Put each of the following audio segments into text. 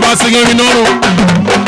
Papa Singa ngi noonu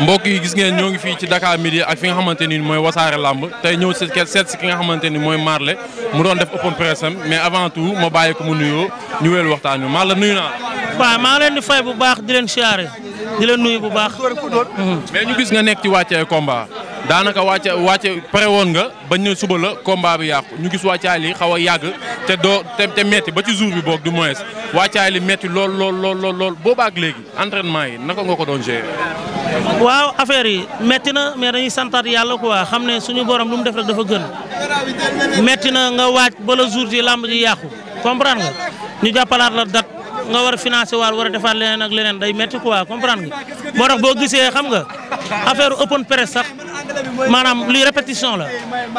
mbokk yi gis ngeen ñoo ngi fii ci Dakar Midi ak fi nga xamante ni mooy wasaare làmb tey ñëw si seet si ki nga xamante ni mooy Marley mu doon def open press am mais avant tout ma bàyyi ko mu nuyoo ñu wéel waxtaan maa Marley nuyu naa waaw maa leen di fay bu baax di leen siyaare di leen nuyu bu baax ñu gis nga nekk ci wàccee combat daanaka wàcce wàcce pare woon nga bañ ne suba la combat bi yàqu ñu gis wàccaay li xaw a yàgg te doo te te metti ba ci jour bi boog du moins wàccaay li metti lool lool lool lool boobaak léegi entraînement yi naka nga ko doon gérer. waaw affaire yi metti na mais dañuy santaat yàlla ko waa xam ne suñu borom lu mu def rek dafa gën metti na nga waaj ba la jour làmb ji yàqu comprendre nga ñu jàppalaat la date nga war a financé waal war a defaat leneen ak leneen day metti quoi comprendre nga maanaam lii répétition la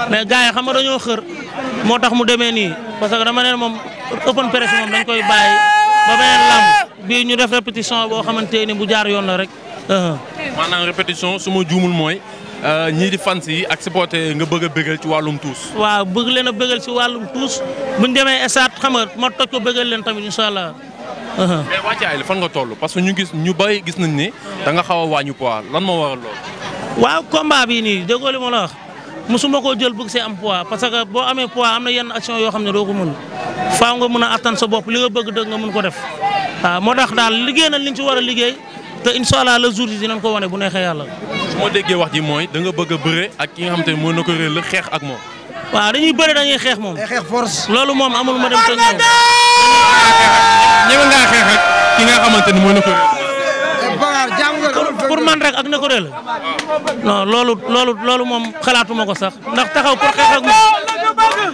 mais gars xam nga dañoo xër moo tax mu demee nii parce que dama ne moom open press moom dañ koy bàyyi ba beneen lamb bii ñu def répétition boo xamante ni bu jaar yoon la rek. Uh-huh. maanaam répétition su ma juumul mooy euh, ñii di fan si ak supporter nga bëgg bëggal ci wàllum tuus. waaw bëgg leen a bëggal ci wàllum tuus buñ demee esaat xam nga ma toj ko bëggal leen tamit incha allah. Uh-huh. mais wàccaay la fan nga toll parce que ñu gis ñu bay gis nañ ne da nga xaw a wàññi poids lan moo waral waaw combat bii nii déggoo li ma jël bëgg see am poids parce boo amee poids am na yenn action yoo xam ne doo ko mën faaw nga mën a attan sa bopp li nga bëgg dëgg nga mën ko def waaw moo tax daal liggéey na liñ ci war a liggéey te incha allah le jour yi dinañ ko wane bu neexee yàlla. su ma déggee wax ji mooy da nga bëgg a bëre ak ki nga xam te ne mën na ko réel xeex ak moom. waaw dañuy bëre dañuy xeex moom. xeex force. loolu moom amul ma dem te ñëw. pour man rek ak ne ko réel non loolu loolu loolu moom xalaatuma ko sax ndax taxaw pour xeex ak moom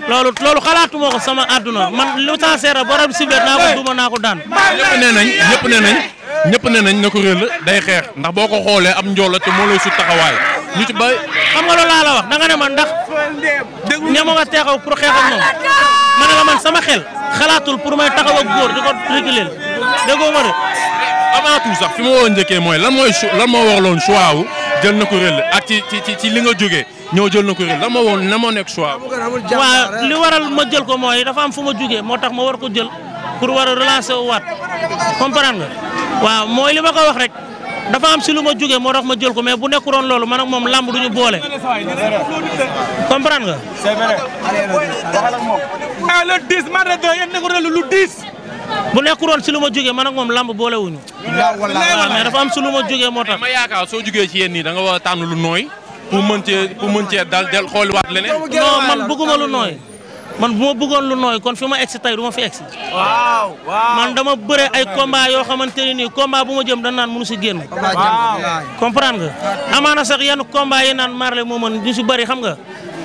loolu loolu xalaatuma ko sama àdduna man lu temps seera borom siblet naa ko duma naa ko daan. ñëpp nee nañ ñëpp nee nañ ñëpp nee nañ ne ko réel day xeex ndax boo ko xoolee am njool te moo lay sut taxawaay ñu bay xam nga loolu laa la wax da nga ne man ndax ñama nga taxaw pour xeex ak moom ma ne la man sama xel xalaatul pour may taxaw ak góor avant tout sax fi ma waroon njëkkee mooy lan mooy lan moo waraloon choix wu jël na ko relais ak ci li nga jógee ñëw jël na ko relais lan woon na moo nekk choix waaw li waral ma jël ko mooy dafa am fu ma jógee moo tax ma war ko jël pour war a relancer wu waat comprendre nga waaw mooy li ma ko wax rek dafa am si lu ma jógee moo tax ma jël ko mais bu nekkuloon loolu man ak lamb làmb ñu boole comprendre nga. c'est vrai. ah le 10 mars de yéen lu 10. bu nekk nekkuloon si lu ma jógee man moom lamb boolewuñu. wallaahi mais dafa am si lu ma jógee moo tax. ma yaakaar soo jógee ci yéen nii da war a tànn lu nooy pour mën cee pour mën cee dal del xooliwaat leneen. non man bëgguma lu nooy. man bu ma bëggoon lu nooy kon fi ma egsi tey du ma fi egsi. waaw waaw man dama bëre ay combat yoo xamante ne nii combat bu ma jëm dañ naan mënu si génn. comprendre nga. amaana sax yenn combat yi naan Marley moo mën ñu si bëri xam nga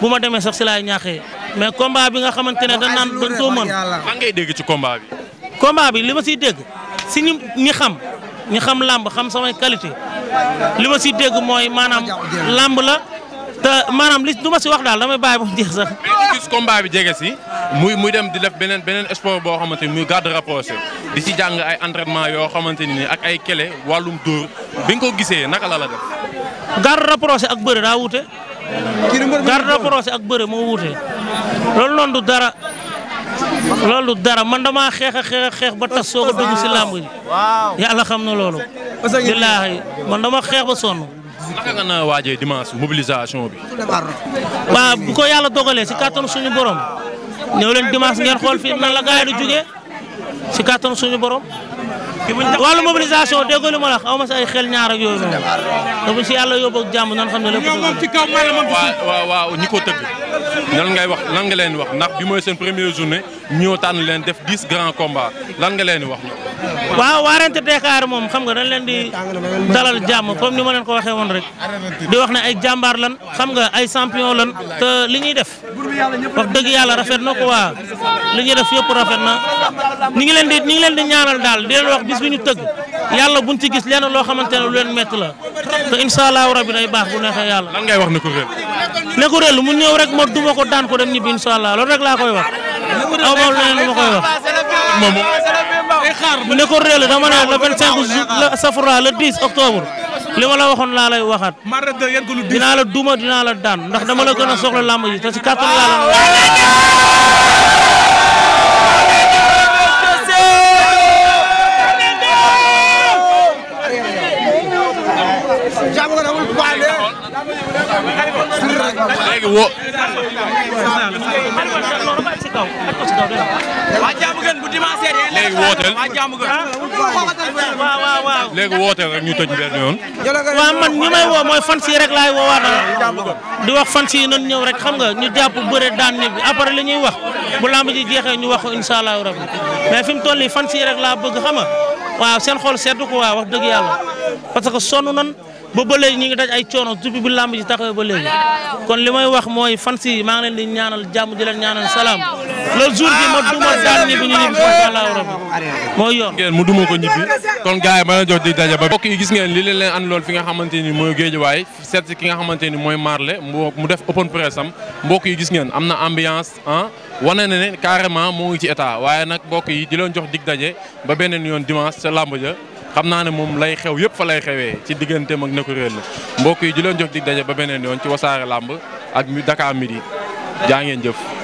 bu ma demee sax si laay ñaaxee mais combat bi nga xamante ne dañ naan dañ too mën. lan ngay dégg ci combat bi. combat bi li ma siy dégg si ñi ñi xam ñi xam làmb xam samay qualité li ma siy dégg mooy maanaam làmb la te maanaam li du ma si wax daal damay bàyyi ba jeex sax. mais ñu bi jege si. muy muy dem di lef beneen beneen sport boo xamante ni muy garde rapproché di si jàng ay entraînement yoo xamante ni ak ay kele wàllum dóor bi nga ko gisee naka la la def. garde rapproché ak bëre daa wuute. garde rapproché ak bëre moo wuute. loolu noonu dara loolu dara man damaa xeex xeex xeex ba tas soog a dugg si làmb yi. waaw xam na loolu. billaahi man dama xeex ba son naka nga na waajee mobilisation bi. waaw bu ko yàlla dogalee si kàttanu suñu borom. ñëw leen dimanche ngeen xool fii nan la gaay du si kàttanu suñu borom. wàllu mobilisation déggoo li ma la wax aw ma si ay xel ñaar ak yooyu noonu. te bu si yàlla yóbbu ak jàmm nan xam ne lépp. waaw waaw ñi ko tëgg. lan ngay wax lan nga leen wax ndax bi mooy seen première journée ñoo tànn leen def dix grands combats lan nga leen wax. waaw Warante Dakar moom xam nga dañ leen di dalal jàmm comme ni ma leen ko waxee woon rek di wax ne ay jàmbaar lan xam nga ay champion lan te li ñuy def wax dëgg yàlla rafet na ko waa li ñuy def yëpp rafet na ñu ngi leen di ñu ngi leen di ñaanal daal di leen wax bis bi ñu tëgg. yàlla buñ ci gis lenn loo xamante ne lu leen métti la te incha allahu rabi baax bu neexee yàlla. lan ngay wax ne ko réel. ko réel mu ñëw rek ma duma ko daan ko dem ñibbi incha allah loolu rek laa koy wax. ma leneen lu ma koy wax. moom ne ko réel dama ne le 25 ju le safura la 10 octobre. li ma la waxoon laa lay waxaat. dinaa la duma dinaa la daan ndax dama la gën a soxla làmb ji te si kàttan laa la. léegi wo waa jàmm gën bu dimanche léegi wooteel ah. léegi wooteel rek ñu tëj man ñi may woo mooy fan yi rek laay woowaat di wax fan yi noonu ñëw rek xam nga ñu jàpp bëre daan ñibbi après li ñuy wax bu lamb ji jeexee ñu wax incha allahu rabbi mais fi mu toll nii fans yi rek laa bëgg xam nga waaw seen xol seddu ko waaw wax dëgg yàlla parce que nan. ba ba léegi ñu ngi daj ay coono depuis bi làmb ji taxawee ba léegi kon li may wax mooy fan si maa ngi leen di ñaanal jàmm di leen ñaanal salaam le jour bi ma duma daan ñibbi ñibbi mooy yoon ngeen mu duma ko ñibbi kon gars ba ma jox di daje ba mbokk yi gis ngeen li leen leen lool fi nga xamante ni mooy géejuwaay seet si ki nga xamante ni mooy Marley mu def open press am mbokk yi gis ngeen am na ambiance ah wane na ne carrément moo ngi ci état waaye nag mbokk yi di loon jox dig daje ba beneen yoon dimanche ca ja xam naa ne moom lay xew yëpp fa lay xewee ci digganteem ak Neko Rell mbokk yi di leen jox dig daje ba beneen yoon ci wasaare làmb ak Dakar midi jaa ngeen jëf.